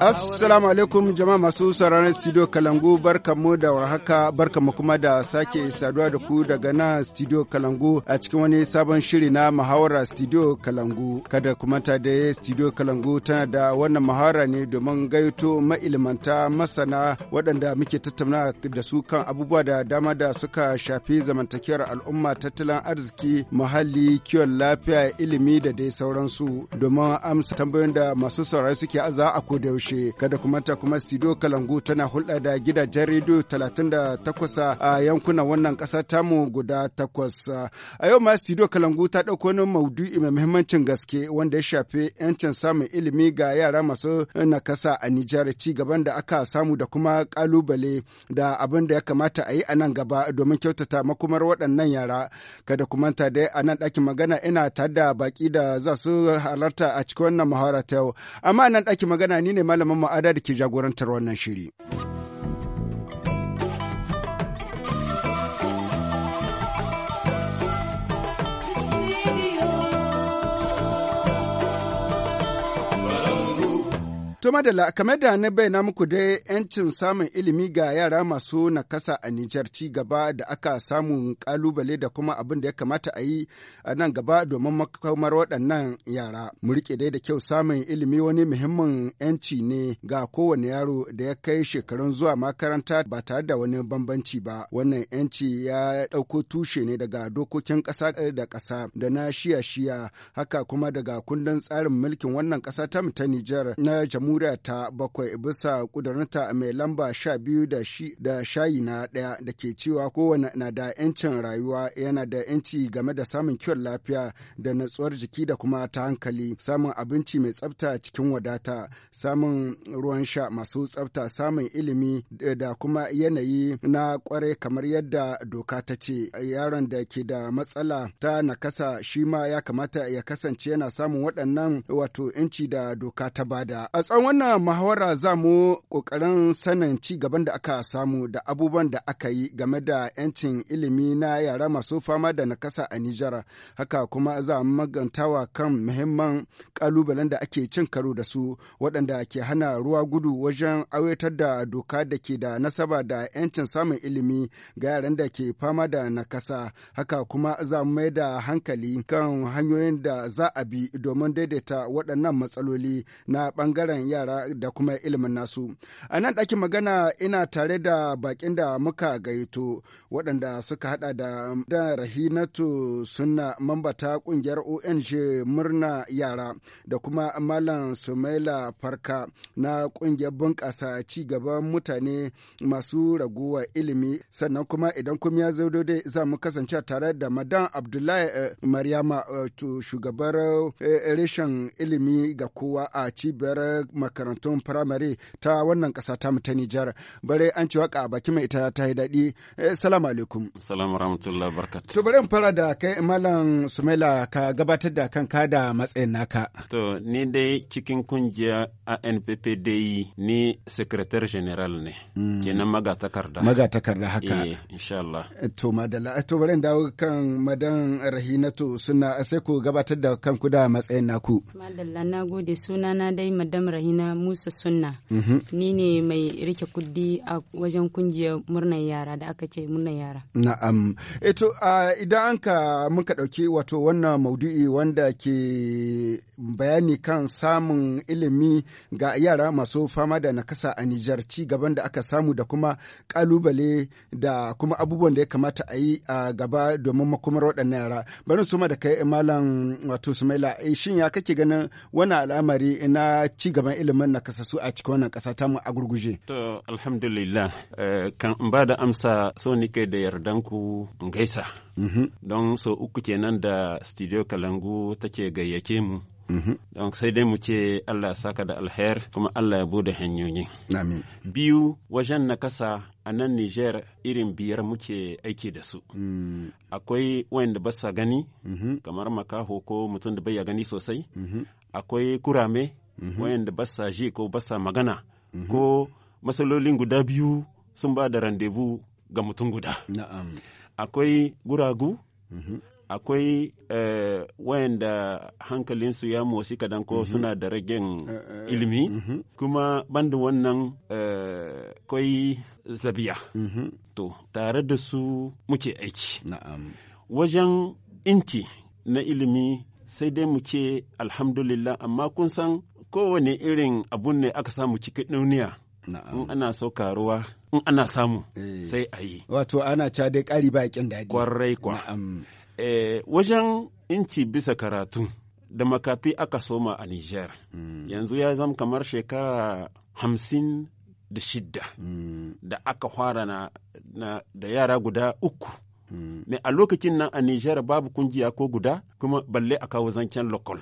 Assalamu alaikum jama'a masu sauraron studio Kalangu barkamu da warhaka barkamu kuma da sake saduwa da ku daga nan studio Kalangu a cikin wani sabon shiri na muhawara studio Kalangu kada kuma ta da studio Kalangu tana da wannan muhawara ne domin gaito ma'ilmanta masana waɗanda muke tattauna da su kan abubuwa da dama da suka shafi zamantakewar al'umma tattalin arziki muhalli kiwon lafiya ilimi da dai sauransu domin amsa tambayoyin da masu saurari suke aza a kodayaushe yaushe kada kuma ta kuma studio kalangu tana hulɗa da gidajen rediyo 38 a yankunan wannan ƙasa tamu guda takwas a yau ma studio kalangu ta ɗauko wani maudu'i mai muhimmancin gaske wanda ya shafi 'yancin samun ilimi ga yara masu nakasa a nijar ci gaban da aka samu da kuma ƙalubale da abin da ya kamata a yi a nan gaba domin kyautata makumar waɗannan yara kada kuma ta dai a nan ɗakin magana ina tare da baƙi da za su halarta a cikin wannan muhawara ta yau amma nan ɗakin magana ni ne ma. malamin ma'ada da ke jagorantar wannan shiri. To madalla kamar da na bayyana muku dai 'yancin samun ilimi ga yara masu nakasa a Nijar ci gaba da aka samu kalubale da kuma abin da ya kamata a yi a nan gaba domin makamar waɗannan yara. Mu riƙe dai da kyau samun ilimi wani muhimmin 'yanci ne ga kowane yaro da ya kai shekarun zuwa makaranta ba tare da wani bambanci ba. Wannan 'yanci ya ɗauko tushe ne daga dokokin ƙasa da ƙasa da na shiya-shiya haka kuma daga kundin tsarin mulkin wannan ƙasa ta ta Nijar na jamu jamhuriya ta bakwai bisa kudurinta mai lamba sha biyu da shi da shayi na ɗaya da ke cewa kowane na da 'yancin rayuwa yana da 'yanci game da samun kyau lafiya da natsuwar jiki da kuma ta hankali samun abinci mai tsafta cikin wadata samun ruwan sha masu tsafta samun ilimi da kuma yanayi na kwarai kamar yadda doka ta ce yaron da ke da matsala ta nakasa shi ma ya kamata ya kasance yana samun waɗannan wato 'yanci da doka ta bada a tsawon wannan muhawara za mu ƙoƙarin sanin ci gaban da aka samu da abubuwan da aka yi game da 'yancin ilimi na yara masu fama da nakasa a Nijar. Haka kuma za mu magantawa kan muhimman kalubalen da ake cin karo da su waɗanda ke hana ruwa gudu wajen aiwatar da doka da ke da nasaba da 'yancin samun ilimi ga yaran da ke fama da nakasa. Haka kuma za mu mai da hankali kan hanyoyin da za a bi domin daidaita waɗannan matsaloli na ɓangaren yara da kuma ilimin nasu. A nan ɗakin magana ina tare da bakin da muka gayyato waɗanda suka haɗa da, da Rahinatu suna mambata ƙungiyar ONG murna yara da kuma Malam Sumaila Farka na ƙungiyar bunƙasa ci gaban mutane masu raguwa ilimi sannan kuma idan kuma ya zo dai za mu kasance tare da Madan Abdullahi eh, Maryama shugabar eh, reshen ilimi ga kowa a cibiyar makarantun firamare ta wannan ƙasa ta mu ta Nijar. Bare an ci waka a baki mai ita ta yi daɗi. Assalamu eh, alaikum. Assalamu rahmatullahi barkatu. To bari in fara da kai Malam Sumaila ka gabatar da kanka da matsayin naka. To ni dai cikin kungiya ANPP dai ni sekretar general ne. Mm. Kenan maga Magatakarda haka. Eh insha Allah. Eh, to madalla eh, to bari in dawo kan madan Rahinatu suna sai ku gabatar da kanku da matsayin naku. Madalla na gode sunana dai madam Rahinatu. na Musa Sunna. Mhm. Ni ne mai rike kuddi a wajen kungiyar murnar yara da aka ce murnar yara. Na'am. Eto eh idan an ka muka ɗauki wato wannan maudu'i wanda ke bayani kan samun ilimi ga yara masu fama da nakasa a Nijar ci gaban da aka samu da kuma kalubale da kuma abubuwan da ya kamata a yi a gaba domin makomar waɗannan yara. Bari su da kai malam wato Sumaila eh, shin ya kake ganin wani al'amari na ci gaban ilimin kasasu a cikin wannan ƙasa mu a gurguje. To alhamdulillah eh, kan in ba da amsa so nike da ku in gaisa. Mhm. Don so uku kenan da studio Kalangu take gayyake mu. Mhm. don sai dai mu ce Allah ya saka da alher kuma Allah ya bude hanyoyi. Amin. Biyu wajen na kasa a nan Niger irin biyar muke aiki da su. Mm. Akwai wayanda ba sa gani, mhm. kamar makaho ko mutum da bai ya gani sosai. Akwai kurame, Mm-hmm. wayanda ba sa ji ko ba magana mm-hmm. ko matsalolin guda biyu sun ba da randevu ga mutum guda akwai guragu mm-hmm. akwai uh, wayanda hankalinsu ya motsi kadan ko suna da ragen eh, eh, ilimi kuma bandin wannan akwai zabiya to tare da su muke aiki wajen inci na ilimi sai dai mu ce alhamdulillah amma kun san kowane irin abun ne aka samu cikin duniya in ana sauka ruwa in ana samu eh. sai a yi wato ana ca dai ƙari ba yakin daɗi kwarai kwa e, wajen inci bisa karatu da makafi aka soma a niger hmm. yanzu ya zama kamar shekara hamsin da shidda hmm. da aka fara na da yara guda uku Me a lokacin nan a Nijar babu kungiya ko guda kuma balle a kawo zancen lokal.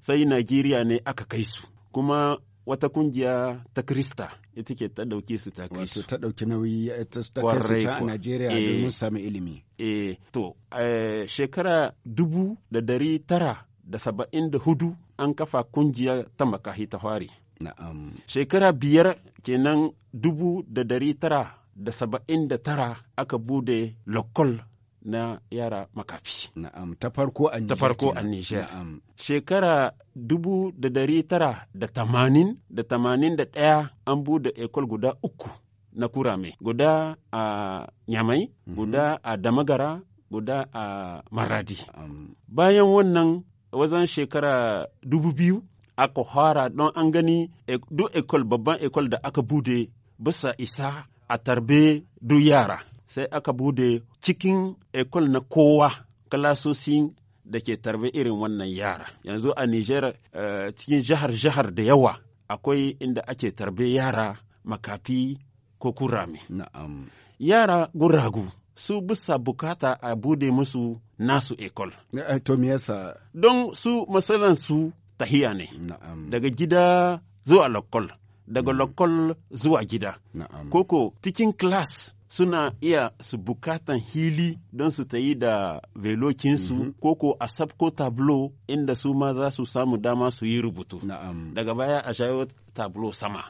Sai Najeriya ne aka kai su. Kuma wata kungiya ta Krista ita ke ta ɗauke su ta kai su. ta ɗauki nauyi ta kai su ta a Najeriya eh. domin samu ilimi. Eh, to, eh, shekara dubu da dari tara da saba'in da hudu an kafa kungiya ta makahi ta fari. Na'am. Shekara biyar kenan dubu da dari tara da saba'in da tara aka bude lokol na yara makafi. Na'am, ta farko a Ta farko a Na'am. Shekara dubu da dari tara da tamanin da tamanin da ɗaya an bude ekol guda uku na kurame. Guda a Nyamai, mhm. guda a Damagara, guda a Maradi. Bayan wannan wazan shekara dubu biyu aka fara don an gani e, duk ekol babban ekol da aka bude bisa isa a tarbe du yara sai aka bude cikin ekol na kowa kalasosin da ke tarbe irin wannan yara yanzu a niger eh, cikin jihar-jihar da yawa akwai inda ake tarbe yara makafi ko kurame yara guragu su bisa bukata a bude musu nasu ekol eh, don su matsalan tahiya ne daga gida zuwa lokola daga mm. lokal zuwa gida koko cikin class suna iya su bukatan hili don su ta yi da velokinsu mm -hmm. koko a sabko tablo inda su ma za su samu dama su yi rubutu daga baya a shayo tablo sama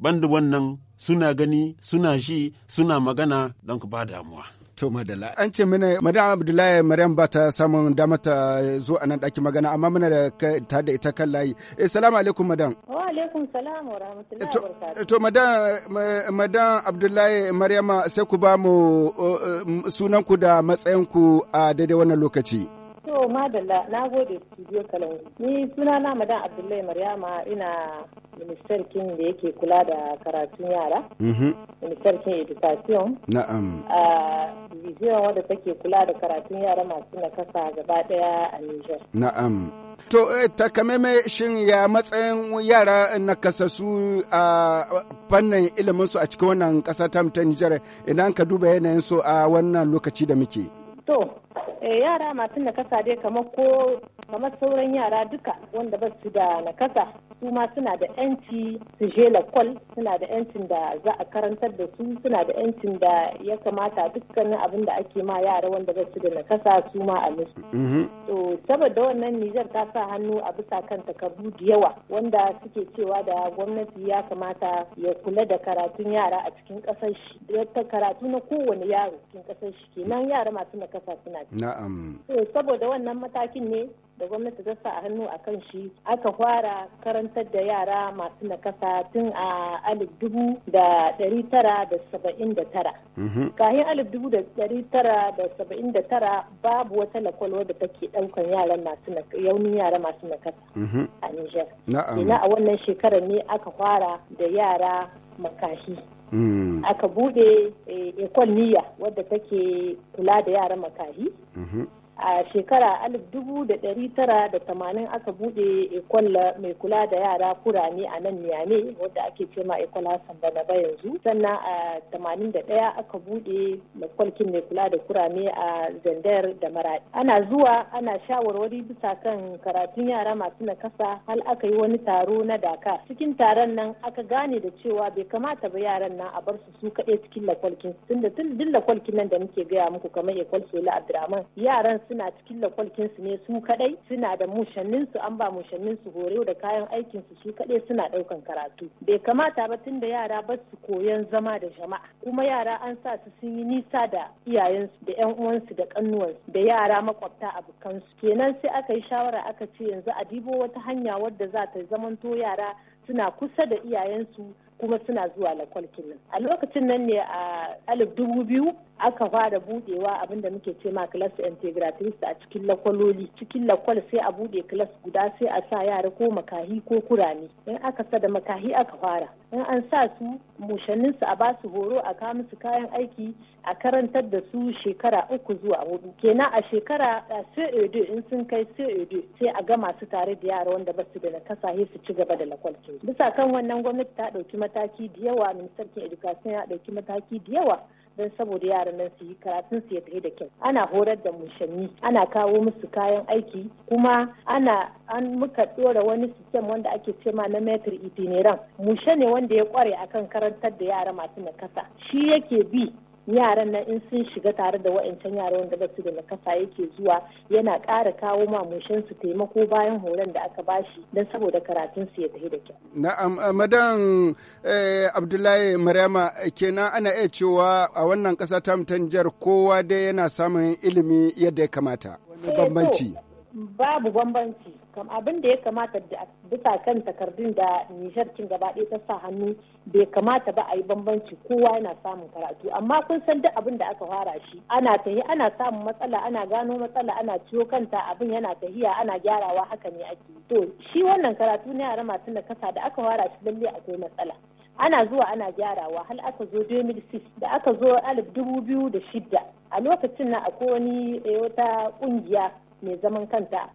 bandu wannan suna gani suna ji suna magana don ku ba damuwa To madala. An ce mana madam Abdullahi Maryam ba ta samun damar ta zo a nan ɗakin magana amma muna da ta da ita kan layi. Eh salamu alaikum madam. Wa alaikum salam wa rahmatullahi To madam madam Abdullahi Maryama sai ku ba mu uh, uh, sunan ku da matsayin ku a daidai wannan lokaci. To madalla na gode studio kalangu. Ni suna na madan Abdullahi Maryama ina ministar kin da yake kula da karatun yara. Mhm. Ministar kin education. Na'am. A division wadda take kula da karatun yara masu nakasa gaba daya a Niger. Na'am. To eh, takameme shin ya matsayin yara nakasassu a fannin ilimin su a cikin wannan kasa ta Nijar idan ka duba yanayin su a wannan lokaci da muke. To Eh, yara masu nakasa dai kamar ko kamar sauran yara duka wanda ba su da nakasa su ma suna da yanci su je lakwal suna da yancin da za a karantar da su suna da yancin da ya kamata dukkanin abin da ake ma yara wanda ba su da nakasa su ma a musu. Mm-hmm. To saboda wannan Nijar ta sa hannu a bisa kan takardu da yawa wanda suke cewa da gwamnati ya kamata ya kula da karatun yara a cikin kasar shi. Karatu na kowane yaro cikin kasar shi kenan yara masu nakasa suna Na'am. saboda wannan matakin ne da gwamnati ta sa a hannu a kan shi aka fara karantar da yara masu nakasa tun a alif dubu da dari tara da saba'in da tara. Mhm. Kahin alif dubu da dari tara da saba'in da tara babu wata lakwalwa da take ɗaukan yaran masu yaunin yara masu nakasa mhm. a Nijar. Na'am. a wannan shekarar ne aka fara da yara makashi. aka bude ikon eh, niyya wadda take kula da yaran makahi mhm. a shekara alif dubu da dari tara da tamanin aka buɗe ekol mai kula da yara kurame a nan niyame wadda ake ce ma ekol hassan bana ba yanzu sannan a tamanin da daya aka bude makwalkin mai kula da kurame a zandar da maradi ana zuwa ana shawarwari bisa kan karatun yara masu nakasa hal aka yi wani taro na daka cikin taron nan aka gane da cewa bai kamata ba yaran nan a bar su su kaɗai cikin lakwalkin tunda tun duk lakwalkin nan da muke gaya muku kamar ekol sola abdurrahman yaran suna cikin lakwalkin su ne su kadai suna da mushannin su an ba mushannin su horo da kayan aikin su su kadai suna daukan karatu bai kamata ba tunda yara ba su koyan zama da jama'a kuma yara an sa su sun yi nisa da iyayensu da yan uwansu da kannuwansu da yara makwabta abokansu kenan sai aka yi shawara aka ce yanzu a dibo wata hanya wadda za ta zamanto yara suna kusa da iyayensu kuma suna zuwa nan a lokacin nan ne a alif dubu biyu aka fara budewa da muke ce ma class integratrice a cikin lakwaloli cikin lakwal sai a bude class guda sai a sa yara ko makahi ko kur'ani in aka sa da makahi aka fara in an sa su mushannin su a ba su horo a kawo musu kayan aiki a karantar da su shekara uku zuwa hudu kenan a shekara CAD in sun kai CAD sai a gama su tare da yara wanda ba su da na sai su ci gaba da lakwal bisa kan wannan gwamnati ta dauki mataki da yawa ministan education ya dauki mataki da yawa don saboda yaran nan su yi karatun su ya tafi da kyau ana horar da mushanni ana kawo musu kayan aiki kuma ana an muka dora wani sistem wanda ake cema na metir itineran mushe ne wanda ya kware akan karantar da yara masu nakasa shi yake bi yaran nan in sun shiga tare da wa'ancan yara wanda ba su da nakasa yake zuwa yana ƙara kawo mamushin su taimako bayan horon da aka bashi don saboda karatun su ya tafi da kyau. Na'am eh, madan eh, Abdullahi Maryama eh, kenan ana iya cewa a wannan kasa ta mutan kowa dai yana samun ilimi yadda ya kamata. Wani bambanci. babu bambanci kam abin da ya kamata da bisa kan takardun da nishar cin gaba ɗaya ta sa hannu bai kamata ba a yi bambanci kowa yana samun karatu amma kun san duk abin da aka fara shi ana tahi ana samun matsala ana gano matsala ana ciwo kanta abin yana tahiya ana gyarawa haka ne ake to shi wannan karatu na yara masu nakasa da aka fara shi lalle akwai matsala ana zuwa ana gyarawa hal aka zo 2006 da aka zo 2006 a lokacin na akwai wani eh, wata kungiya mai zaman kanta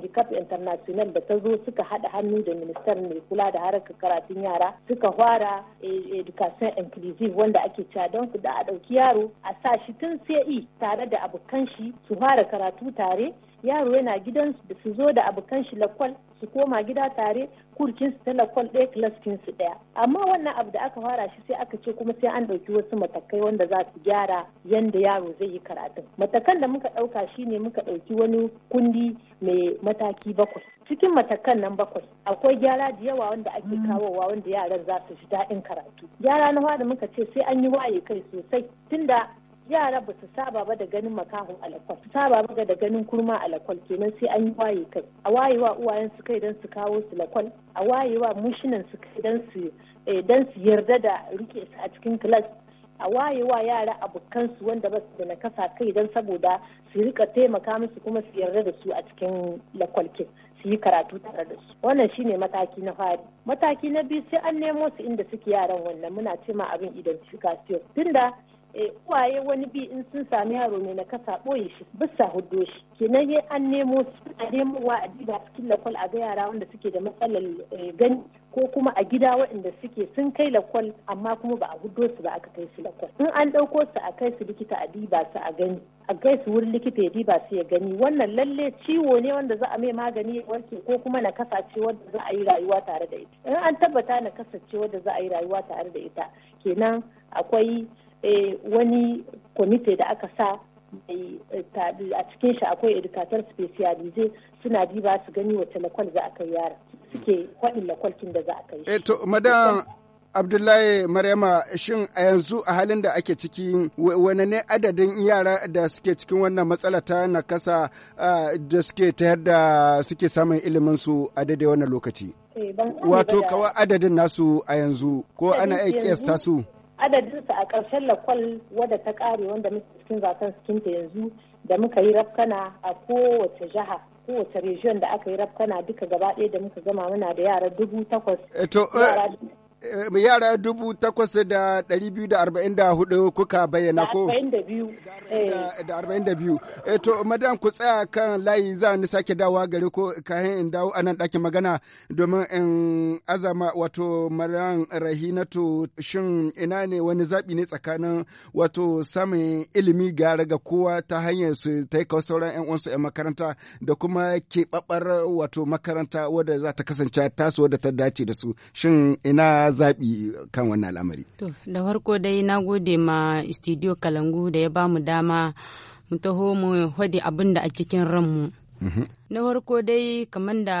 jikaf international da ta zo suka haɗa hannu da ministan mai kula da harkar karatun yara suka fara eh, education inclusive wanda ake cewa don su da a ɗauki yaro a sa shi tun sai e tare da abokan shi su fara karatu tare yaro yana gidan su zo da abokan shi lakwal su koma gida tare kurkin su ta lakwal ɗaya klaskin su ɗaya amma wannan abu da aka fara shi sai aka ce kuma sai an ɗauki wasu matakai wanda za su gyara yanda yaro zai yi karatu. matakan da muka ɗauka shine muka ɗauki wani kundi mai mataki bakwai cikin matakan nan bakwai akwai gyara da yawa wanda ake mm. kawowa wanda yaran za su ji daɗin karatu gyara na da muka ce sai an yi waye kai sosai tunda yara ba su saba ba da ganin makaho a su saba ba da ganin kurma a lakwal kenan sai an yi waye kai a wayewa uwayen su kai don su kawo su lakwal a wayewa mushinan su kai don su eh, dan su yarda da rike su a cikin kilas a wayewa yara abokan su wanda ba su da nakasa kai don saboda su rika taimaka musu kuma su yarda da su a cikin lakwal ke su yi karatu tare da su wannan shine mataki na fari mataki na biyu sai an nemo su inda suke yaran wannan muna ce ma abin identification tunda Eh, uwaye wani bi in sun sami yaro mai kasa ɓoye shi bisa hudo shi kenan ya an nemo su a wa a diba cikin lakwal a ga yara wanda suke da matsalar eh, gani ko kuma a gida waɗanda suke sun kai lakwal amma kuma ba a hudo su ba aka kai su lakwal in an ɗauko su a kai su likita a diba su a gani a kai su wurin likita ya diba su ya gani wannan lalle ciwo ne wanda za a mai magani ya warke ko kuma na kasace wanda za a yi rayuwa tare da ita in an tabbata na kasace wanda za a yi rayuwa tare da ita kenan akwai Eh, wani kwamite da aka sa mai eh, a cikin shi akwai edukatar specialize suna diba su gani wace lakwal za a kai yara suke faɗin lakwalkin da za a kai. shi. Eh, to madam Abdullahi Maryama shin a yanzu a halin da ake ciki wane ne adadin yara da suke cikin wannan matsala ta nakasa da suke ta da suke samun ilimin su a daidai wannan lokaci? Wato kawai adadin nasu a yanzu ko ana iya kiyasta su? adadinsa a ƙarshen lakwal wadda ta ƙare wanda muke cikin zaton ta yanzu da muka yi rafkana a kowace jiha kowace region da aka yi rafkana duka gaba ɗaya da muka gama muna da yara dubu takwas eh, eh, Eh, yara dubu takwas da ɗari biyu da arba'in da hudu kuka bayyana ko? Da arba'in da biyu. Eh. Eh, to, madam ku tsaya kan layi za ni sake dawowa gari ko kahin in dawo a nan ɗakin magana domin in azama wato maran rahinatu shin ina ne wani zaɓi ne tsakanin wato samun ilimi ga kowa ta hanyar su ta yi sauran 'yan uwansu 'yan makaranta da kuma keɓaɓɓar wato makaranta wadda za ta kasance tasu wadda ta dace da su shin ina zaɓi kan wannan al'amari to da farko dai na gode ma studio kalangu da ya bamu dama mu taho mu hwade abin da a cikin ranmu mhm. na farko dai kamar da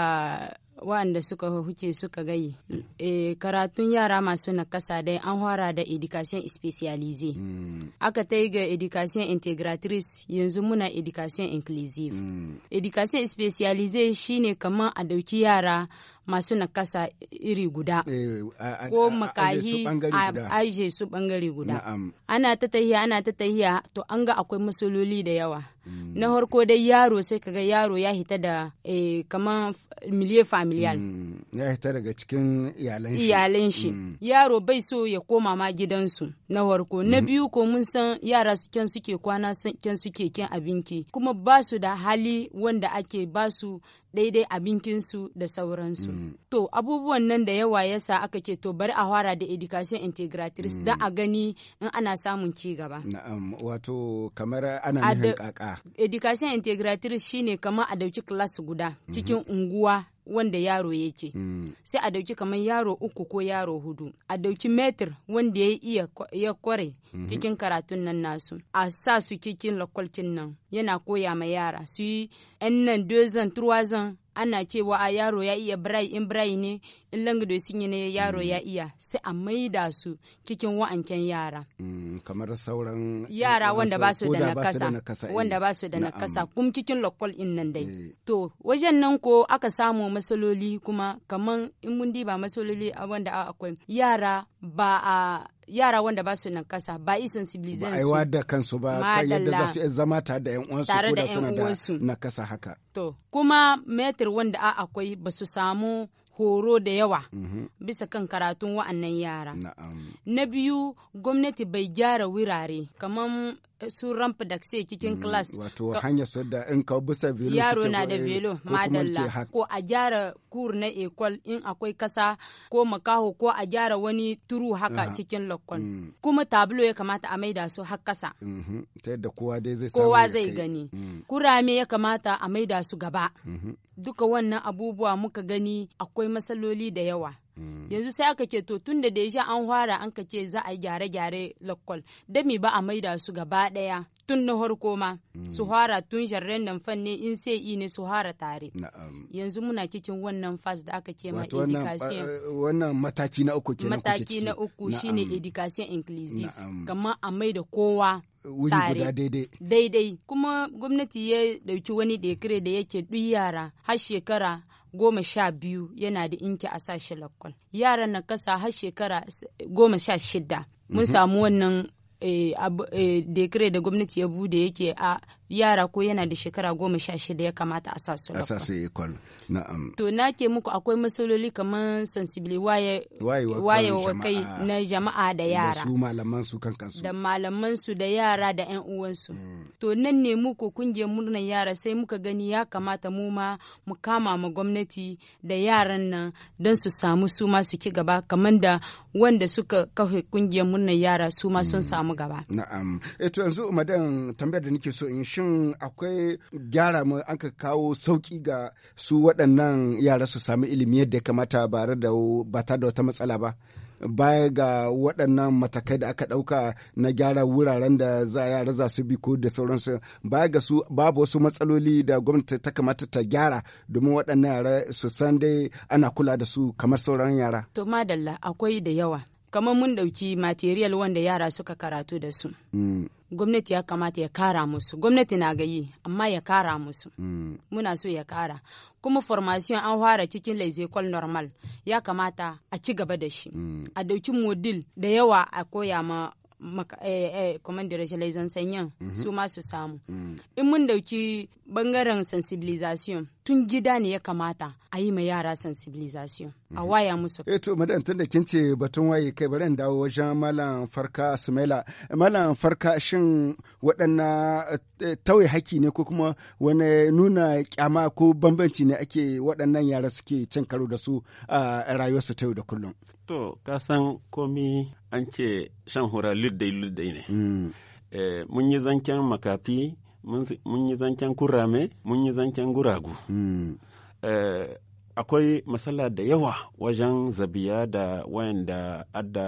waɗanda suka huce suka gayi e, eh, karatun yara masu nakasa dai an hara da education specialize mm. aka ta ga education integratrice yanzu muna education inclusive mm. education specialize shine kamar a dauki yara masu nakasa iri guda eh, ko makahi a aje su bangare guda ana ta tahiya ana ta tahiya to an ga akwai matsaloli da yawa mm. na harko dai yaro sai kaga yaro ya hita da eh, kaman miliye familial mm, ya hita daga cikin iyalan shi mm. yaro bai so ya koma ma gidansu na harko na mm-hmm. biyu ko mun san yara su suke kwana su suke kin abinki kuma ba su da hali wanda ake ba su daidai su da sauransu. Mm. To abubuwan nan da yawa yasa aka ce to bari a fara da education integratrice da a mm. gani in ana samun ci gaba. Na'am wato kamar ana nufin kaka. Education integratrice shine kamar a dauki class guda cikin mm-hmm. unguwa wanda yaro yake mm. sai a dauki kamar yaro uku ko yaro hudu a dauki metir wanda ya iya ya kware mhm. cikin karatun nan nasu a sa su cikin lakwalkin nan yana koya ma yara su yi yan nan dozan turwazan ana cewa a yaro ya iya birai in birai ne in langido sun yi ne yaro ya mm. iya sai a maida su cikin wa'ancan yara mm, kamar sauran eh, yara wanda ba su da nakasa wanda ba su da nakasa kuma cikin lokal in nan dai eh. to wajen nan ko aka samu masaloli kuma kamar in mun diba masaloli wanda akwai yara ba a yara wanda ba su nan kasa ba isan su ba aiwa da kansu ba yadda za su zama tare da yan uwansu ko da suna da nakasa haka to kuma metir wanda a akwai ba su samu horo da yawa mhm. bisa kan karatun wa'annan yara na biyu gwamnati bai gyara wurare kamar eh, su ramp da ke cikin mm, class wato hanya su da in ka bisa velo yaro na da velo madalla ko a gyara kur na ekol in akwai kasa ko makaho ko a gyara wani turu haka cikin lokon mm. kuma tablo ya kamata a maida su har kasa mhm. ta yadda kowa dai zai kowa zai gani mm. kurame ya kamata a maida su gaba mhm. duka wannan abubuwa muka gani akwai akwai matsaloli da yawa mm. yanzu sai aka ce to tun da deja an fara an ka ce za a gyare-gyare lakwal da mi ba a maida su gaba daya tun na harko ma mm. su fara tun jarren nan fanne in sai i ne su fara tare yanzu muna cikin wannan fas da aka ce ma education eh, wannan mataki na uku kenan mataki na uku shine education inclusive kamar a maida kowa wuri guda daidai. Daidai kuma gwamnati ya dauki wani dekire da yake duk yara har shekara goma sha biyu yana da inki a sashi lakwal yaran na kasa har shekara goma sha shida mun mhm. samu wannan eh, eh, dekare da gwamnati ya bude yake a yara ko yana da shekara goma sha shida ya kamata a sasu su a sasu su ekol na'am to na ke muku akwai masaloli kamar sensibili waye wa kai na jama'a da yara da su malaman su kan kansu da malaman su da yara da yan uwan su mm. to nan ne muku kungiyar murnan yara sai muka gani ya kamata mu ma mu kama ma gwamnati da yaran nan don su samu su ma su ki gaba kamar da wanda suka kafe kungiyar murnan yara su ma sun mm. samu gaba na'am eh to yanzu madan tambayar da nake so in shin akwai gyara mu an ka kawo sauki ga su waɗannan yara su sami ilimi yadda ya kamata ba da ba ta da wata matsala ba baya ga waɗannan matakai da aka ɗauka na gyara wuraren da za a yara za su bi ko da sauransu baya ga su babu wasu matsaloli da gwamnati ta kamata ta gyara domin waɗannan yara su san dai ana kula da su kamar sauran yara. To madalla akwai da yawa kamar mun ɗauki material wanda yara suka karatu da su mm. gwamnati ya kamata ya kara musu gwamnati na gayi amma ya kara musu mm. muna so ya kara kuma formation an fara cikin laizekol normal ya kamata a ci gaba da shi mm. a ɗauki modil da yawa a koya ma kamar da laizan sanyan su ma su samu in mun ɗauki bangaren sensibilisation tun gida ne ya kamata a yi ma yara sensibilisation a mhm. waya musu. Eh to madan tun da kin ce batun waye kai bari dawo wajen malam farka Sumaila. Malam farka shin waɗanna eh, tauye haki ne ko kuma wani nuna kyama ko bambanci ne ake waɗannan yara suke cin karo da su a rayuwarsu ta yau da kullum. To ka san komi an ce shan hura luddai luddai ne. Mm. Eh, mun yi zancen makafi mun yi zancen kurame mun yi zancen guragu hmm. eh, akwai matsala da yawa wajen zabiya da wayanda adda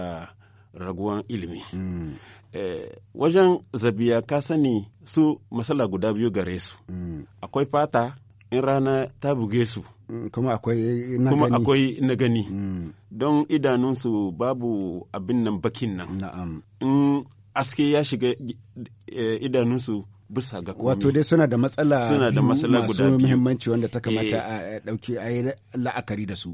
raguwan ilimi hmm. eh, wajen zabiya ka sani su matsala guda biyu gare su hmm. akwai fata in rana ta buge su kuma akwai na gani don idanunsu babu abin nan bakin nan in aske ya shiga eh, idanunsu bisa ga komai Wato dai suna da matsala suna da matsala guda biyu muhimmanci wanda ta eh. kamata a dauki a yi la'akari da su.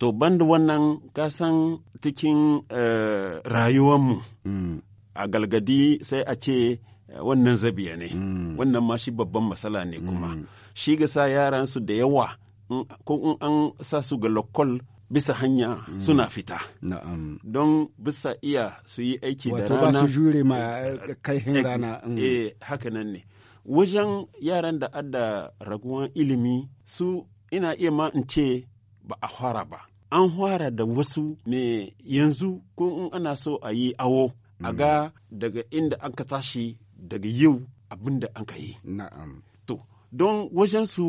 To banda wannan kasan cikin uh, rayuwanmu mm. a galgadi sai a ce eh, wannan zabiya ne mm. wannan ma shi babban matsala ne kuma mm. shi ga sa yaransu da yawa ko in an sa su ga lokol bisa hanya suna fita. Don bisa iya su yi aiki da rana. Wato ba su jure ma eh, kai eh, rana. Mm. Eh, haka nan ne. Wajen yaran da adda raguwan ilimi su ina iya ma in ce ba a fara ba. An fara da wasu ne yanzu ko in ana so a yi awo. A mm. ga daga inda an ka tashi daga yau abin da an ka yi. Na'am. Um. To, don su.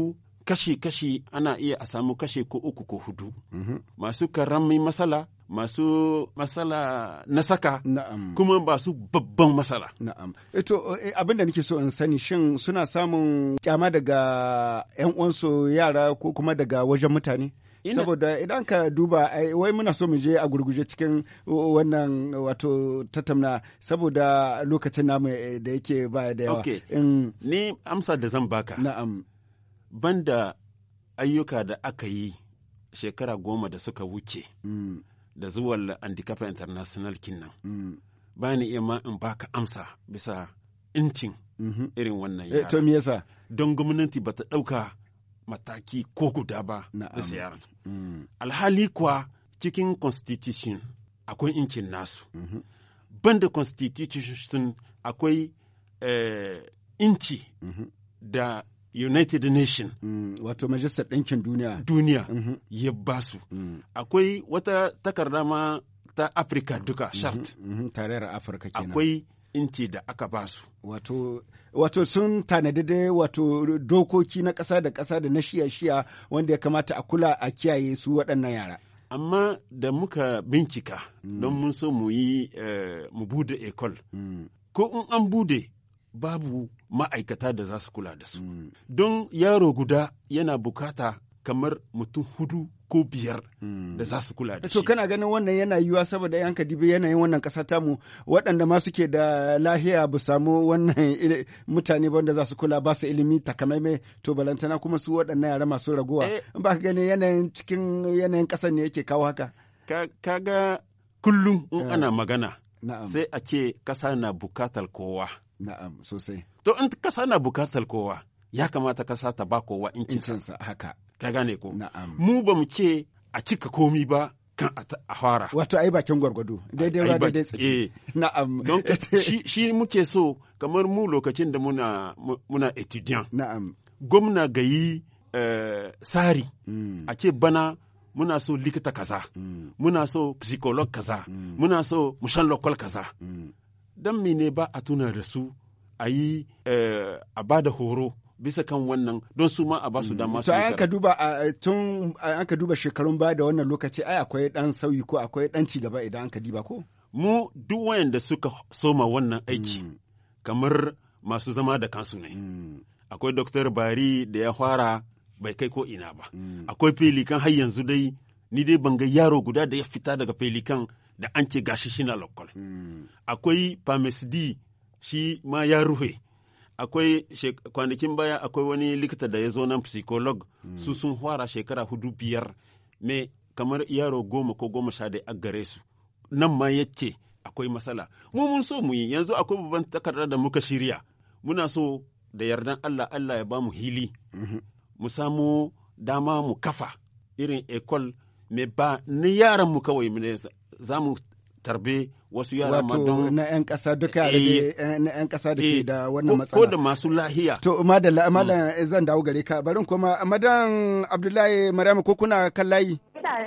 kashi-kashi ana iya a samu kashi ko uku ko hudu mhm. masu karamin masala masu masala na saka kuma masu babban masala na'am eh, eh, abin da nake so in sani shin suna samun kyama daga 'yan uwansu yara ko kuma daga wajen mutane saboda idan ka duba wai muna so mu je a gurguje cikin wannan wato tattauna saboda lokacin namu eh, da yake ba da yawa ni amsa da zan baka na'am banda ayyuka da aka yi shekara goma da suka wuce mm. da zuwan 'andikafa international kinnan mm. ba ni iya ma in baka amsa bisa incin mm-hmm. irin wannan yara. Eh, to me yasa don gwamnati ba ta ɗauka mataki ko guda ba bisa mm. alhali kuwa cikin constitution akwai incin nasu mm-hmm. ban banda constitution akwai eh, inci mm-hmm. da United Nation. Mm, wato Majalisar Ɗinkin Duniya. Duniya mm -hmm. ya ba su. Mm. Akwai wata takarda ma ta Afirka duka -hmm. shart. -hmm. Tarayyar Afirka kenan. Akwai inci da aka ba su. Wato wato sun tanadi dai wato dokoki na ƙasa da ƙasa da na shiya-shiya wanda ya kamata a kula a kiyaye su waɗannan yara. Amma da muka bincika mm. don mun so mu yi uh, mu bude ekol. Mm. Ko in an bude babu ma'aikata da za su kula da su. Mm. Don yaro guda yana bukata kamar mutum hudu ko biyar mm. da za su kula da shi. kana ganin wannan yana yiwuwa saboda yan kadibe yanayin wannan kasa tamu waɗanda ma suke da lahiya bu samu wannan mutane wanda za su kula ba su ilimi takamaimai to balantana kuma su waɗannan yara masu raguwa eh. in ba ka gani yanayin cikin yanayin ƙasar ne yake kawo haka. Ka, ga kullum in eh. ana magana sai a ce ƙasa na bukatar kowa. Na'am sosai. To in kasa na bukatar kowa ya kamata kasa ta ba kowa incinsa. haka. Ka gane ko? Na'am. Mu ba mu ce a cika komi ba kan a fara. Wato ai bakin gwargwado daidai ruwa daidai tsaki. Eh. Na'am. Don shi, muke so kamar mu lokacin da muna muna etudiant. Na'am. Gwamna gayi eh, sari mm. a ce bana muna so likita kaza, mm. muna so psikolog kaza, mm. muna so mushan lokal kaza. don ne ba a tuna da su a yi eh, a ba da horo bisa kan wannan don su ma a ba su dama su ka duba duba shekarun ba da wannan lokaci ai akwai dan sauyi ko akwai dan ci gaba idan an ka diba ko mu duk wayanda suka soma wannan aiki mm. kamar masu zama da kansu ne mm. akwai doktor Bari da ya fara bai kai ko ina ba mm. akwai Pelikan har yanzu dai ni dai ban ga yaro guda da ya fita daga Pelikan da an ce gashi shi na lokal. Hmm. Akwai pamesdi shi ma ya rufe. Akwai kwanakin baya akwai wani likita da ya zo nan psikolog hmm. su sun fara shekara hudu biyar me kamar yaro goma ko goma sha dai a gare su. Nan ma ya ce akwai matsala. Mu mun so mu yi yanzu akwai babban takarda da muka shirya. Muna so da yardan Allah Allah ya bamu hili. Mhm. Mu samu dama mu kafa irin ekol me ba ni yaran mu kawai mu za mu tarbe wasu yara ma don na 'yan ƙasa duka eh, eh, na 'yan ƙasa da ke eh, da wannan matsala ko da masu lahiya to madalla mm. malam zan dawo gare ka barin kuma madan abdullahi Mariamu ko kuna kan layi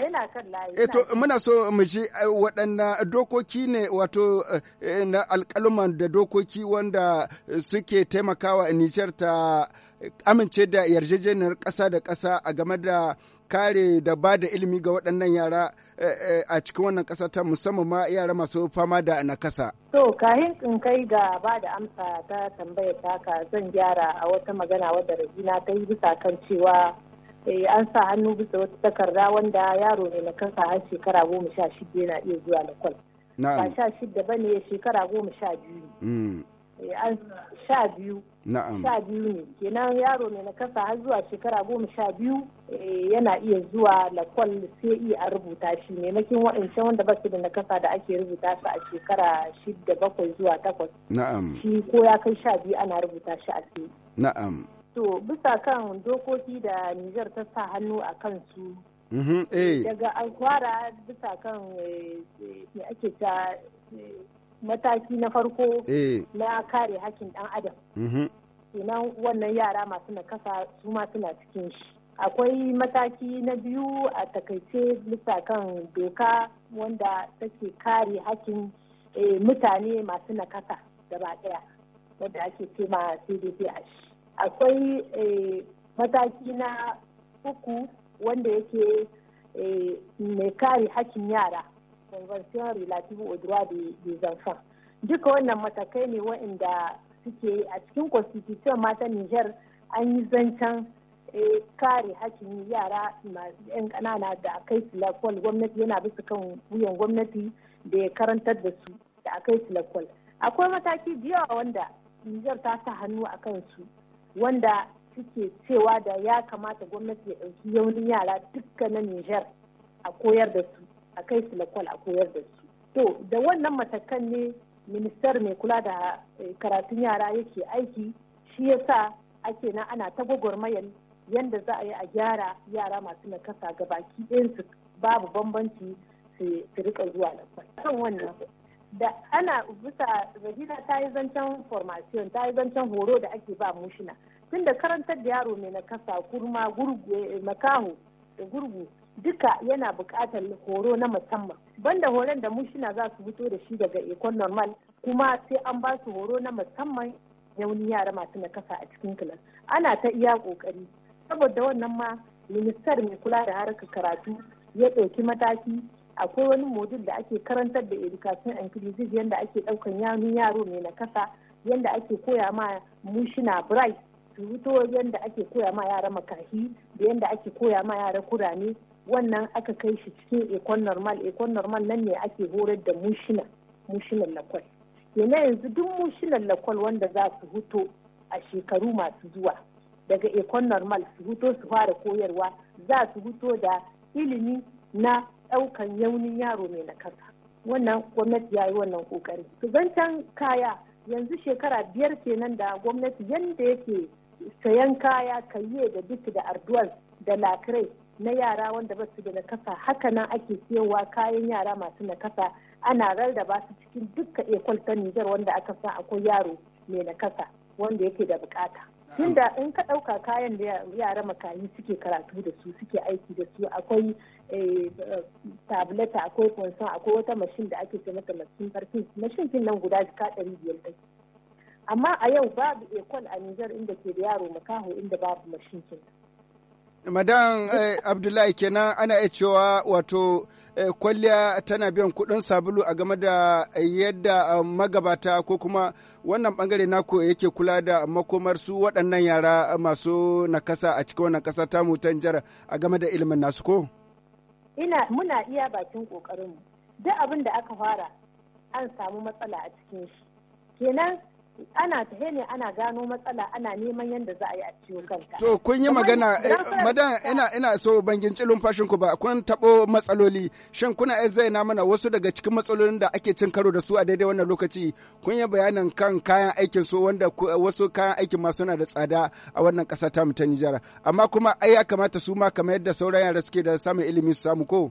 ina kan layi. Eh to muna so mu ji waɗanne dokoki ne wato na alƙaluman da dokoki wanda suke taimakawa Nijar ta amince da yarjejeniyar ƙasa da ƙasa a game da kare da ba da ilimi ga waɗannan yara eh, eh, a cikin wannan ƙasa ta musamman ma yara masu fama da nakasa? To, kahin in kai ga ba da amsa ta tambayar taka zan gyara a wata magana wadda Regina ta yi bisa kan cewa eh, an sa hannu bisa wata takarda wanda yaro ne nakasa har shekara goma sha shida yana iya zuwa lakwal. Ba sha shida ba ne shekara goma sha biyu. Eh, an sha biyu sha biyu ne kenan yaro ne na kasa har zuwa shekara goma sha biyu eh, yana iya zuwa lakwal sai iya a rubuta shi maimakin waɗancan wanda ba su da nakasa da ake rubuta su a shekara shida bakwai zuwa takwas shi ko ya kai sha biyu ana rubuta shi a sai na'am to bisa kan dokoki da Nijar ta sa hannu a kan su. Mm-hmm, eh. daga alkwara bisa kan me ake ta mataki na farko eh. na kare hakin dan adam sinan mm-hmm. wannan yara masu nakasa su ma suna cikin shi akwai mataki na biyu a takaice bisa kan doka wanda take kare hakkin eh, mutane masu nakasa gaba daya wanda ake ce ma shi. akwai eh, mataki na uku wanda yake mai kare hakin yara convention relative au droit des enfants duka wannan matakai ne waɗanda suke a cikin constitution mata Nijar an yi zancen eh, kare hakkin yara masu 'yan ƙanana da akai kai gwamnati yana bisa kan wuyan gwamnati da ya karantar da su da akai kai akwai mataki da yawa wanda Nijar ta sa hannu a kansu wanda suke cewa da ya kamata gwamnati ya ɗauki yaunin yara dukkanin Nijar a koyar da su a kai su lakwal a koyar da su to da wannan matakan ne ministar mai kula da eh, karatun yara yake aiki shi ya sa ake na ana ta gwagwarmayar yadda za a yi a gyara yara masu nakasa ga baki ɗayansu babu bambanci su rika zuwa lakwal kan wannan da ana bisa rahina ta yi zancen formation ta yi zancen horo da ake ba mushina tun da karantar da yaro mai nakasa kurma gurgu eh, makaho da gurgu duka yana buƙatar horo na musamman banda horon da mushina za su fito da shi daga ekon normal kuma sai an ba su horo na musamman ya wani yara masu na kasa a cikin kilas ana ta iya kokari saboda wannan ma ministar mai kula da harkar karatu ya ɗauki mataki akwai wani modul da ake karantar da education inclusive yanda ake ɗaukan yanu yaro mai na kasa yanda ake koya ma mushina bright su yanda yadda ake koya ma yara makahi da yadda ake koya ma yara kurane wannan aka kai shi cikin ekon normal ekon normal nan ne ake horar da mushina mushinan lakwal yana yanzu duk mushinan lakwal wanda za su huto a shekaru masu zuwa daga ekon normal su huto su fara koyarwa za su huto da ilimi na ɗaukan yaunin yaro mai na kasa wannan gwamnati ya yi wannan kokari su zancen kaya yanzu shekara biyar kenan da gwamnati yadda yake sayan kaya kayye da duk da arduan da lakirai na yara wanda ba su da nakasa haka nan ake siyowa kayan yara masu nakasa ana rarraba su cikin dukka ekol ta Nijar wanda aka sa akwai yaro mai nakasa wanda yake da bukata. Tunda in ka ɗauka kayan da yara makayi suke karatu da su suke aiki da su akwai eh, tableta akwai kwanson akwai wata mashin da ake mata mashin karfi mashin kin nan guda ka ɗari biyar ɗai. Amma a yau babu ekol a Nijar inda ke da yaro makaho inda babu mashin kin. madan eh, abdullahi kenan ana iya cewa wato eh, kwalliya tana biyan kudin sabulu a game da yadda eh, magabata ko kuma wannan bangare naku yake kula da makomar su waɗannan yara masu nakasa a cikin wannan ƙasa ta mutan jara a game da ilimin nasu ko ina muna iya bakin kokarinmu duk abin da aka fara an samu matsala a cikin shi kenan ana ta ne ana gano matsala ana neman yadda za a yi a ciwo kanta. To kun yi magana eh, madan ina ina so bangin cilin fashin ku ba kun taɓo matsaloli shin kuna ai zai na mana wasu daga cikin matsalolin da ake cin karo da su a daidai wannan lokaci kun yi bayanin kan kayan aikin su wanda wasu kayan aikin ma suna da tsada a wannan kasa ta ta Nijar amma kuma ai ya kamata su ma kamar yadda sauran yara suke da samun ilimi su samu ko.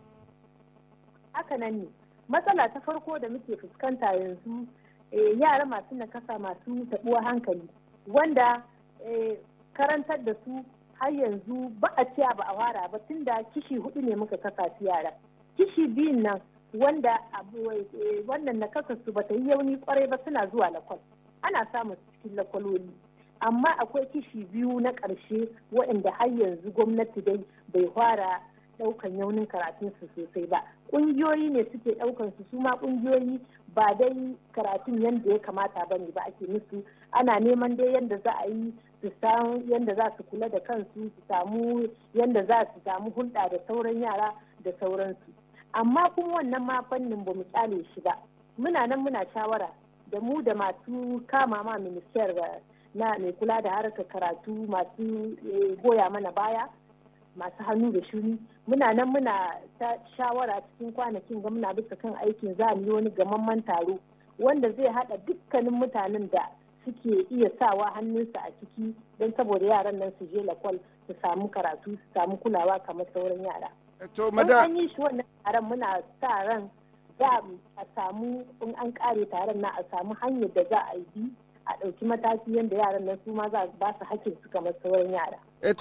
Haka nan ne matsala ta farko da muke fuskanta yanzu Eh, yara masu nakasa masu taɓuwa hankali wanda eh, karantar da su har yanzu ba a ciya ba a fara ba tunda kishi hudu ne muka kasa su yara kishi biyun nan wanda eh, wannan na kasa su bata yi yauni kwarai ba suna zuwa lakwal ana samun cikin lakwaloli amma akwai kishi biyu na ƙarshe waɗanda har yanzu gwamnati dai bai fara ɗaukan yaunin karatun su sosai ba ƙungiyoyi ne suke ɗaukan su su ma ƙungiyoyi ba dai karatun yadda ya kamata ba ne ba ake musu ana neman dai yadda za a yi su samu yadda za su kula da kansu su samu yadda za su samu hulɗa da sauran yara da sauransu amma kuma wannan ma fannin ba mu kyale shi ba muna nan muna shawara da mu da masu kama ma ministiyar na mai kula da harkar karatu masu eh, goya mana baya masu hannu da shuni muna nan muna ta shawara cikin kwanakin ga muna bisa kan aikin za mu yi wani gamamman taro wanda zai hada dukkanin mutanen da suke iya sawa hannunsu a ciki don saboda yaran nan su je lakwal su samu karatu su samu kulawa kamar sauran yara. Eh, to an yi shi wannan taron muna sa ran za a samu in an kare taron na a samu hanyar da za a yi a ɗauki mataki yadda yaran nan su ma za su ba su hakkin su kamar sauran yara. E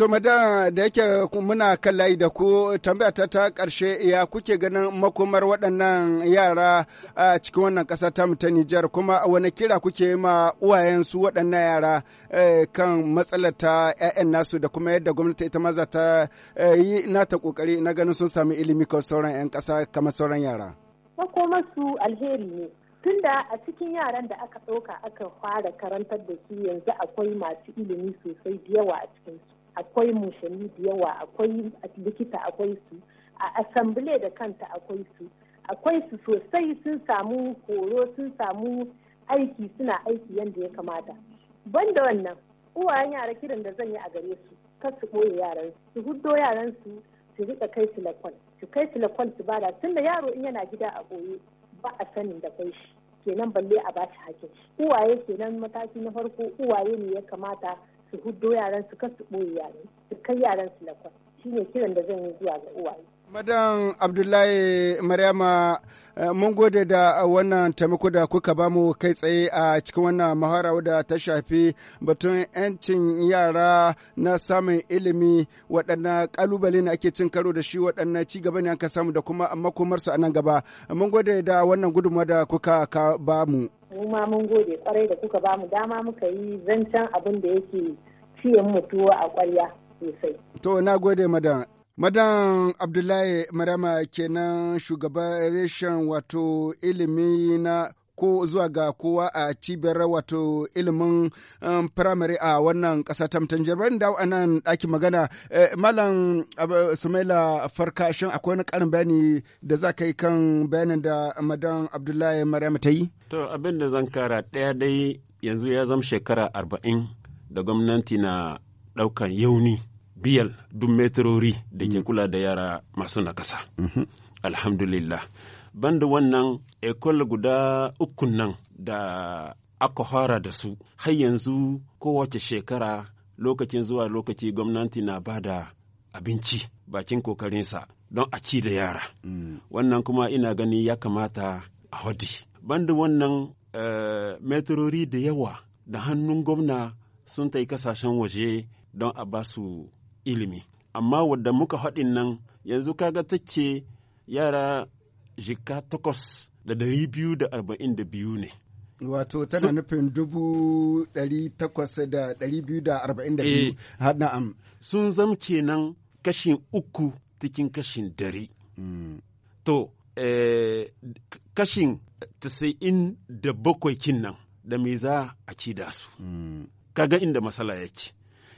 da yake muna kan layi da ku tambaya ta ta ƙarshe ya kuke ganin makomar waɗannan yara a cikin wannan ƙasa ta ta Nijar kuma wani kira kuke ma uwayensu waɗannan yara e, kan matsalar ta 'ya'yan nasu da kuma yadda gwamnati ita maza ta e, yi nata ƙoƙari na ganin sun sami ilimi kan sauran 'yan ƙasa kamar sauran yara. Makomar su alheri ne tunda a cikin yaran da aka ɗauka aka fara karantar da su yanzu akwai masu ilimi sosai da yawa a cikin akwai mushani da yawa akwai likita akwai su a asambile da kanta akwai su akwai su sosai sun samu horo sun samu aiki suna aiki yadda ya kamata banda wannan uwayen yara kiran da zan yi a gare su kar su ɓoye yaran su huddo yaran su su rika kai su lakwal su kai su lakwal su bada tunda yaro in yana gida a ɓoye ba a sanin da kai shi kenan balle a bashi hakin shi uwaye kenan mataki na farko uwaye ne ya kamata su huddo yaran su kasu boye yaran su kai yaran su lakwas shine kiran da zan yi zuwa ga uwaye Madan Abdullahi Maryama eh, mun gode da wannan taimako da kuka bamu kai tsaye a cikin wannan mahara da ta shafi batun 'yancin yara na samun ilimi waɗannan ƙalubale na ake cin karo da shi waɗannan ci gaba ne aka samu da kuma makomarsu a nan gaba. Mun gode da wannan gudunmawa da kuka ka bamu. Mu ma mun gode kwarai da kuka bamu dama muka yi zancen abin da yake ciyen mutuwa a kwarya sosai. To na gode madan. Madan Abdullahi Marama kenan shugaban reshen wato ilimi na ko zuwa ga kowa a cibiyar wato ilimin um, firamare a wannan ƙasa ta mutanjar da a nan ɗakin magana eh, malam sumaila farka akwai wani ƙarin bayani da za ka yi kan bayanin da madan abdullahi maryam ta yi to abin da zan kara ɗaya dai yanzu ya zama shekara arba'in da gwamnati na ɗaukan yauni biyal duk metrori da ke mm. kula da yara masu nakasa mhm. alhamdulillah banda wannan ekol guda ukun nan da aka fara da su har yanzu kowace shekara lokacin zuwa lokaci gwamnati na ba da abinci bakin kokarinsa don a ci da yara mm. wannan kuma ina gani ya kamata a hodi banda wannan eh, metrori da yawa da hannun gwamna sun tai kasashen waje don a ba su ilimi amma wadda muka haɗin nan yanzu kaga ta ce yara jika takwas da dari biyu da arba'in da biyu ne wato tana nufin dubu dari takwas da dari biyu da arba'in da biyu eh. haɗa am sun zamce nan kashin uku cikin kashin dari hmm. to eh, kashin tasa'in da bakwai kin nan da me za a ci da su hmm. kaga inda masala ce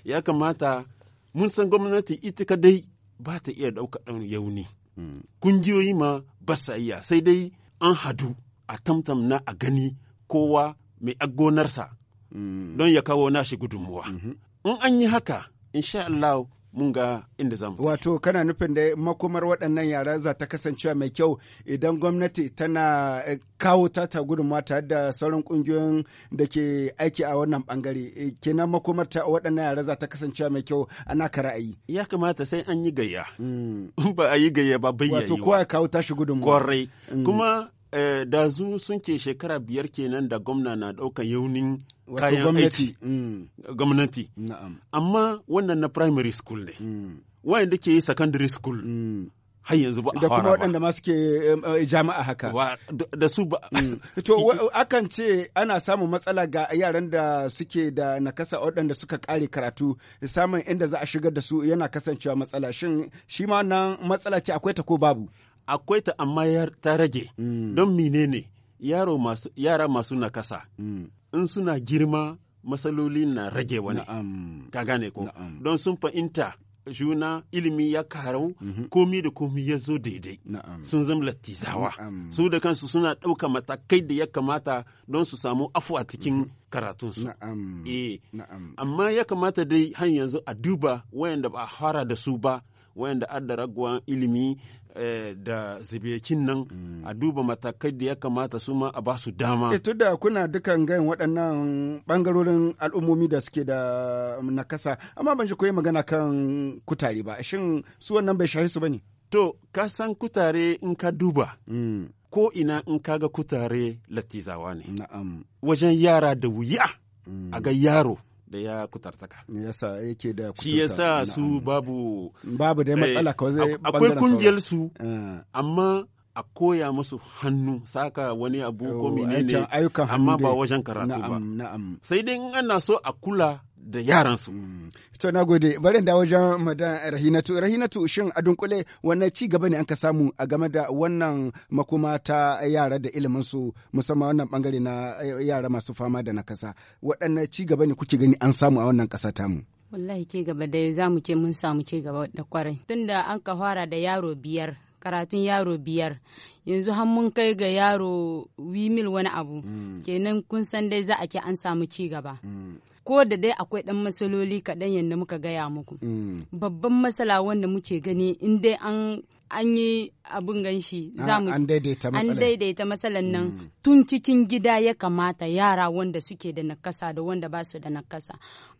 ya kamata mun san gwamnati ita ka dai ba ta iya ɗauka ɗan yauni. Hmm. Kungiyoyi ma ba sa iya sai dai an hadu a tamtam na a gani kowa mai agonarsa hmm. don ya kawo nashi gudunmuwa. Mhm. In an yi haka, insha Allah mun ga inda zamu wato kana nufin da makomar waɗannan yara za ta kasance mai kyau idan gwamnati tana eh, kawo tata gudunmawa tare da sauran kungiyoyin da ke aiki a wannan bangare eh, kenan makomar ta waɗannan yara za ta kasance mai kyau ana ka ra'ayi ya kamata sai an yi gayya mm. ba a yi gayya ba bayyayi wato kowa ya kawo tashi gudunmawa kwarai mm. kuma Eh, da zu sun ke shekara biyar kenan da gwamna na ɗaukan yaunin kayan aiki gwamnati mm. amma wannan na primary school ne mm. wayanda ke yi secondary school mm. har yanzu ba da kuma waɗanda ma suke eh, jami'a haka da su ba to akan ce ana samun matsala ga yaran da suke da nakasa waɗanda suka ƙare karatu samun inda za a shigar da su yana kasancewa matsala shin shi ma nan matsala ce akwai ta ko babu akwai ta amma ta rage mm. don menene yara masu nakasa mm. in suna girma matsaloli na rage wani ka gane ko don sun fahimta juna ilimi ya karau mhm. komi da komi ya zo daidai sun zama lattizawa su da kansu suna ɗauka matakai da ya kamata don su samu afu a cikin karatun mhm. su karatunsu eh. amma ya kamata dai har yanzu a duba wayanda ba a hara da su ba wayanda adda raguwan ilimi eh, da zubekin nan mm. a duba matakai da ya kamata su ma a ba su dama. Ito eh, da kuna dukan gayin waɗannan bangarorin al'ummomi da suke da nakasa, amma ban shi koyi magana kan kutare ba, shin su wannan bai shahi su ba ne? To, ka san kutare in ka duba. Mm. Ko ina in ga kutare latizawa ne. Wajen yara da wuya mm. a ga yaro. da ya kutarta kutartaka yasa yake da kutarta. shi yasa su babu babu dai eh, matsala kawai akwai kungiyar su eh. amma a koya musu hannu saka wani abu ko menene amma ba wajen karatu ba sai dai in ana so a kula da yaransu. Mm. To na gode bari da wajen madan Rahinatu Rahinatu shin a dunkule wannan ci gaba ne an ka samu a game da wannan makoma ta yara da ilimin su musamman wannan bangare na eh, yara masu fama da nakasa waɗanne ci gaba ne kuke gani an samu a wannan ƙasa tamu. Wallahi ci gaba da za mu ce mun samu ci gaba da kwarai tunda an ka fara da yaro biyar karatun yaro biyar yanzu har mun kai ga yaro wimil wani abu mm. kenan kun san dai za a ke an samu ci gaba mm. ko da dai akwai dan matsaloli kaɗan yadda muka gaya muku mm. babban matsala wanda muke gani in dai an an yi abin ganshi za mu an daidaita matsalan nan tun cikin gida ya kamata yara wanda suke da nakasa da wanda ba su da nakasa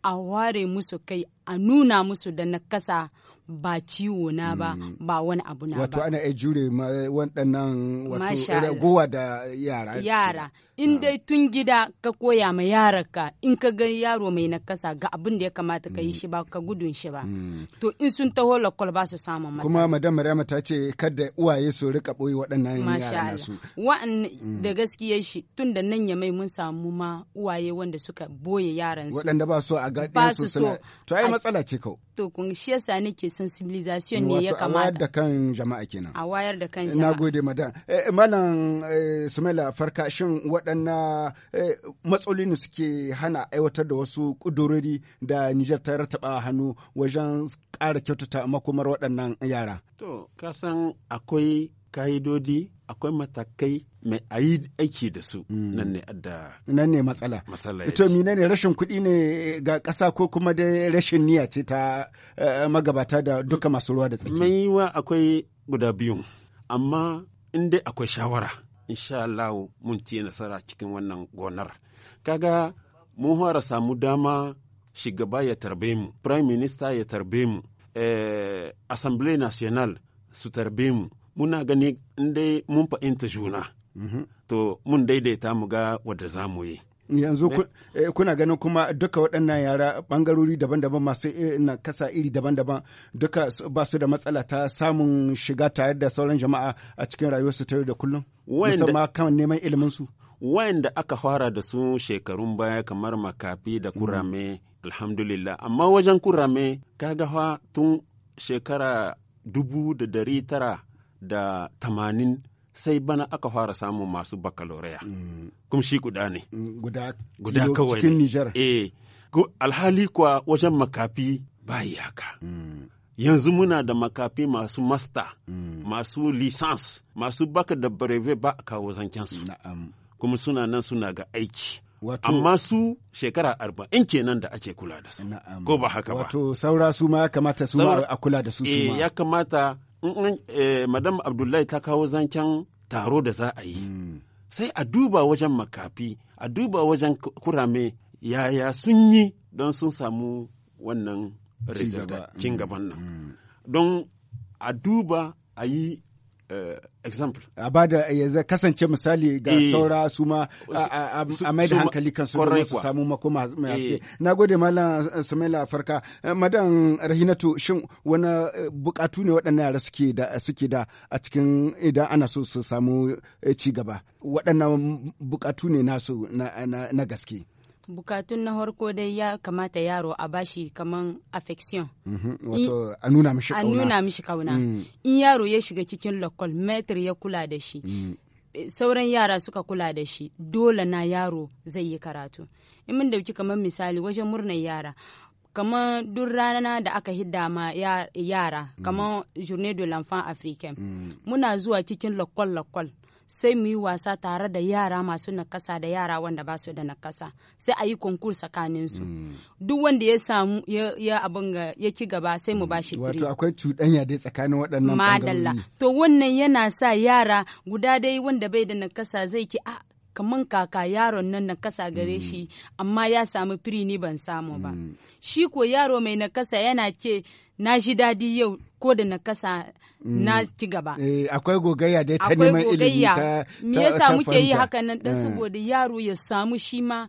a ware musu kai a nuna musu da na kasa ba ciwo na ba mm. ba wani abu na ba wato ana iya jure eh, waɗannan wato gowa da yara yara ah. in dai tun gida ka koya ma yararka in ka ga yaro mai nakasa ga abin da ya kamata ka yi mm. shi ba ka gudun shi ba mm. to in sun taho lakwal ba su samun masa kuma madam maryama ta ce kada uwaye su rika boye waɗannan yara nasu wa'an da gaskiyar shi tun da nan ya mai mun samu ma uwaye wanda suka boye yaran su waɗanda ba su a ga ɗiyansu suna to ai matsala ce kau to kun shi yasa nake sensibilization ne ya kamata wayar da kan jama'a kenan a wayar da kan eh, jama'a nagode madan eh, eh, malam eh, sumaila farka shin waɗannan eh, matsaloli suke hana aiwatar da wasu ƙudurori da Nijar ta taɓa hannu wajen ƙara kyautata makomar waɗannan yara to kasan akwai ka'idodi akwai matakai mai a yi aiki da su hmm. nan ne adda nan ne matsala matsala to mine ne rashin kuɗi ne ga ƙasa ko kuma da rashin niyya ce ta eh, magabata da duka masu ruwa da tsaki mai wa akwai guda biyun amma inda akwai shawara insha Allah mun ci nasara cikin wannan gonar kaga mun fara samu dama shugaba ya tarbe mu prime minister ya tarbe mu eh, assembly national su tarbe mu muna gani in dai mun fa'inta juna mhm. to mun daidaita mu ga wadda za mu yi yanzu eh, kuna ganin kuma duka waɗannan yara ɓangarori daban-daban masu eh, na kasa iri daban-daban duka ba su da matsala ta samun shiga tare da sauran jama'a a cikin rayuwarsu ta yau da kullum musamman kan neman ilimin su wayanda aka fara da su shekarun baya kamar makafi da mhm. kurame alhamdulillah amma wajen kurame kaga fa tun shekara dubu da dari tara da tamanin sai bana aka fara samun masu bakaloreya. kuma shi guda ne guda kawai cikin Nijar eh alhali kuwa wajen makafi ba iyaka ka. yanzu muna da makafi masu masta. masu lisans. masu baka da breve ba a kawo zankensu kuma suna nan suna ga aiki Wato... Amma su shekara arba'in kenan da ake kula da su, ko ba haka ba. Wato saura su ma ya kamata su ma a kula da su su eh, ma. ya kamata Eh, madam abdullahi ta kawo zancen taro da za a yi hmm. sai a duba wajen makafi a duba wajen kurame yaya sun yi don sun samu wannan cin hmm. gaban nan hmm. don a duba a yi Uh, example. A ba da ya kasance misali ga eh, saura su ma a mai da hankali kan su su samu makoma mai eh. haske. Na gode Malam Sumaila Farka. Madan Rahinatu shin wani bukatu ne waɗannan yara suke da suke da a cikin idan ana so su samu ci gaba. Waɗannan bukatu ne nasu na gaske. bukatun na harko dai ya kamata yaro a bashi kaman affection mhm, a nuna mishi kauna mm. in yaro ya shiga cikin lokal metri ya kula da shi mm. eh, sauran yara suka kula da shi dole na yaro zai yi karatu in mun dauki kamar misali wajen murnar yara kamar duk rana da aka hidda ma yara mm. kamar journée de l'enfant africain muna zuwa cikin lokal-lokal sai mu yi wasa tare da yara masu nakasa da yara wanda ba su da nakasa sai a yi konkur tsakanin su mm. duk wanda ya samu ya abin ga ya ci gaba sai mu mm. ba shi wato akwai cuɗanya dai tsakanin waɗannan madalla to wannan yana sa yara guda dai wanda bai da nakasa zai ki a kaman kaka yaron nan nakasa gare mm. shi amma ya samu firi ni ban samu ba shi ko yaro mai nakasa yana ce na ji daɗi yau ko da nakasa Mm. na ci gaba. Eh, akwai gogayya dai ta neman ilimi ta Me yasa muke yi haka nan ɗan eh. saboda yaro ya samu shi ma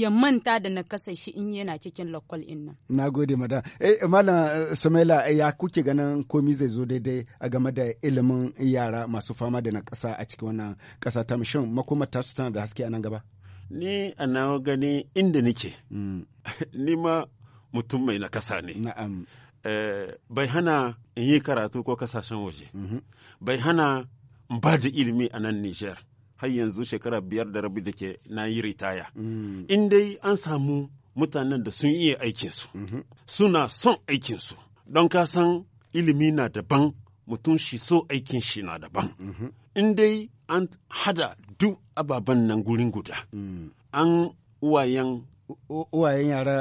ya manta da na kasa shi in yana cikin lokal in nan. Na gode madam. Eh malam eh, Sumaila ya kuke ganin komi zai zo daidai a game da ilimin yara masu fama da na kasa a cikin wannan kasa ta mishin makoma ta su da haske a nan gaba. Ni a nawa gani inda nake. Mm. Ni ma mutum mai kasa ne. Eh, bai hana in yi karatu ko kasashen waje mhm. bai hana in ba da ilimi a nan Nijar har yanzu shekara biyar da rabi da ke na yi ritaya mm. in dai an samu mutanen da sun iya aikinsu mhm. suna son aikinsu don ka san ilimi na daban mutum shi so aikin shi na daban mhm. in dai an hada duk ababen nan gurin guda mm. an uwayen uwayen yara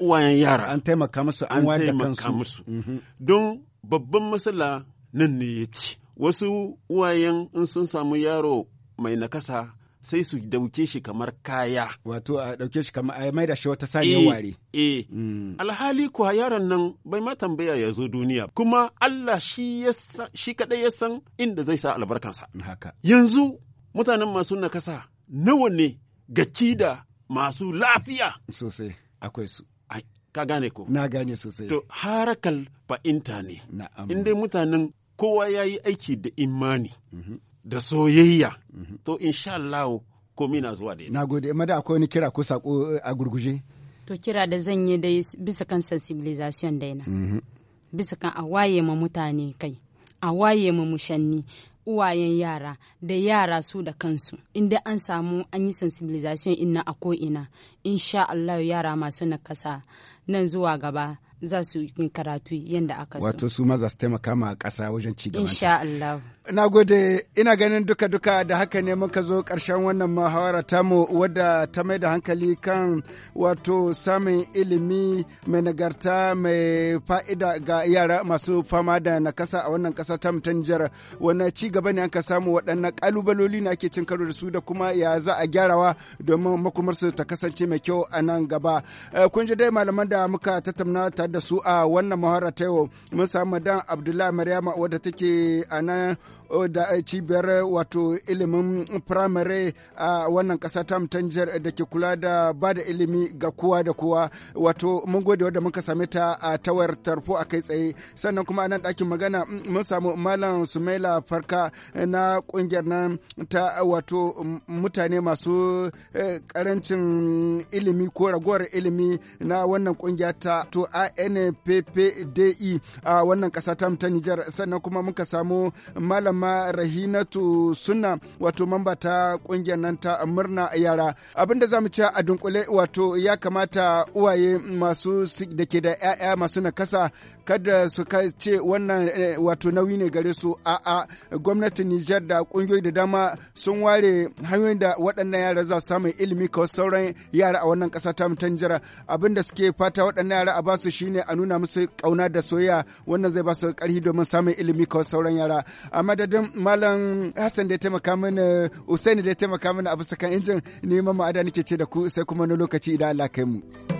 uwayen yara an taimaka musu an wayar da kansu mhm. don babban matsala nan ne ya ci wasu uwayen in sun samu yaro mai nakasa sai su dauke shi kamar kaya wato a dauke shi kamar a mai da shi wata saniyar ware eh, eh. Mm. alhali kuwa yaron nan bai ma tambaya ya zo duniya kuma Allah shi shi kadai ya san inda zai sa albarkansa haka yanzu mutanen masu nakasa nawa ne gaci da masu lafiya sosai akwai su ka gane ko na gane sosai to harakal fa'inta ne in dai mutanen kowa ya yi aiki da imani mhm. da soyayya mm in to insha Allah komi na zuwa da na gode amma da akwai wani kira ko sako eh, a gurguje to kira da zan yi dai bisa kan sensibilisation da mm bisa kan a waye ma mutane kai a waye ma mushanni uwayen yara da yara su da kansu inda an samu an yi sensibilization inna a ko'ina insha Allah yara masu nakasa nan zuwa gaba za su yi karatu yadda aka so. Wato su maza su taimaka ma ƙasa wajen ci gaba. Insha Allah. Na gode ina ganin duka-duka da haka ne muka zo ƙarshen wannan muhawara tamu wadda ta mai da hankali kan wato samun ilimi mai nagarta mai fa'ida ga yara masu fama da nakasa a wannan ƙasa ta mutan jihar wani ci gaba ne aka samu waɗannan ƙalubaloli na ake cin karo da su da kuma ya za a gyarawa domin makomarsu ta kasance mai kyau a nan gaba. Eh, kun dai malaman da muka tattauna da su a wannan mahara ta yau mun samu dan abdullahi maryama wadda take a nan da eh, cibiyar wato ilimin firamare a wannan kasa ta tanjar eh, da ke kula da ba da ilimi ga kowa da kowa wato mun gode wadda muka same ta a tawar tarfo a kai tsaye sannan kuma a nan ɗakin magana mm, mun samu malam sumaila farka eh, na ƙungiyar nan ta wato mm, mutane masu karancin ilimi ko ragowar ilimi na wannan kungiya ta to NPPDI e a wannan ƙasa ta ta Nijar sannan kuma muka samu malama Rahinatu Sunna wato mamba ta ƙungiyar nan ta murna yara abinda zamu ci a dunkule wato ya kamata uwaye masu da ke da 'ya'ya masu nakasa kada su ce wannan eh, wato nauyi ne gare su a'a gwamnatin Nijar da kungiyoyi da dama sun ware hanyoyin da waɗannan yara za su samu ilimi kawai sauran yara a wannan ƙasa ta mutan jira abin da suke fata waɗannan yara a ba su shine a nuna musu ƙauna da soyayya wannan zai ba su ƙarfi domin samun ilimi kawai sauran yara a madadin malam Hassan da ya taimaka mini Usaini da ya taimaka mini a bisa kan injin ni mamma ada nake ce da ku sai kuma na lokaci idan Allah kai mu.